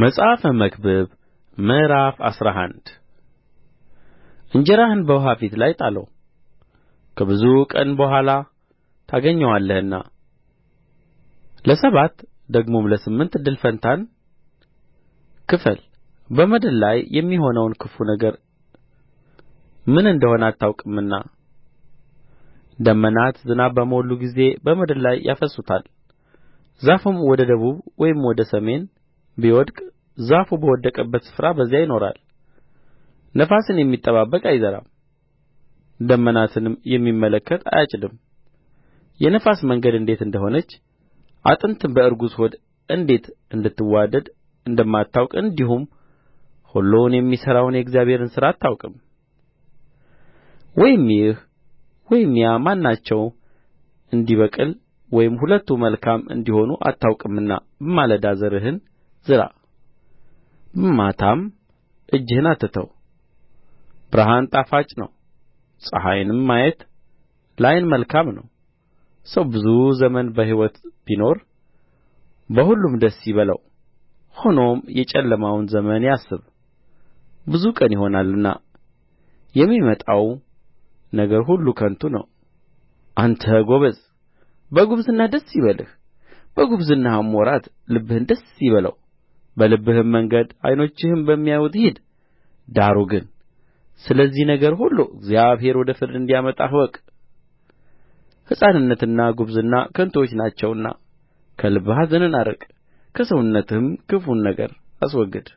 መጽሐፈ መክብብ ምዕራፍ አስራ አንድ እንጀራህን በውኃ ፊት ላይ ጣለው ከብዙ ቀን በኋላ ታገኘዋለህና ለሰባት ደግሞም ለስምንት እድል ፈንታን ክፈል በምድር ላይ የሚሆነውን ክፉ ነገር ምን እንደሆነ አታውቅምና ደመናት ዝናብ በሞሉ ጊዜ በምድር ላይ ያፈስሱታል ዛፍም ወደ ደቡብ ወይም ወደ ሰሜን ቢወድቅ ዛፉ በወደቀበት ስፍራ በዚያ ይኖራል ነፋስን የሚጠባበቅ አይዘራም ደመናንም የሚመለከት አያጭድም የነፋስ መንገድ እንዴት እንደ ሆነች አጥንትም በእርጉዝ ሆድ እንዴት እንድትዋደድ እንደማታውቅ እንዲሁም ሁሉን የሚሠራውን የእግዚአብሔርን ሥራ አታውቅም ወይም ይህ ወይም ያ ማናቸው እንዲበቅል ወይም ሁለቱ መልካም እንዲሆኑ አታውቅምና በማለዳ ዘርህን ዝራ ማታም እጅህን አትተው ብርሃን ጣፋጭ ነው ፀሐይንም ማየት ለዓይን መልካም ነው ሰው ብዙ ዘመን በሕይወት ቢኖር በሁሉም ደስ ይበለው ሆኖም የጨለማውን ዘመን ያስብ ብዙ ቀን ይሆናልና የሚመጣው ነገር ሁሉ ከንቱ ነው አንተ ጐበዝ በጕብዝናህ ደስ ይበልህ በጕብዝናህም ወራት ልብህን ደስ ይበለው በልብህም መንገድ ዓይኖችህም በሚያዩት ሂድ ዳሩ ግን ስለዚህ ነገር ሁሉ እግዚአብሔር ወደ ፍርድ እንዲያመጣህ እወቅ ሕፃንነትና ጕብዝና ከንቱዎች ናቸውና ከልብህ ኀዘንን አርቅ ከሰውነትህም ክፉን ነገር አስወግድ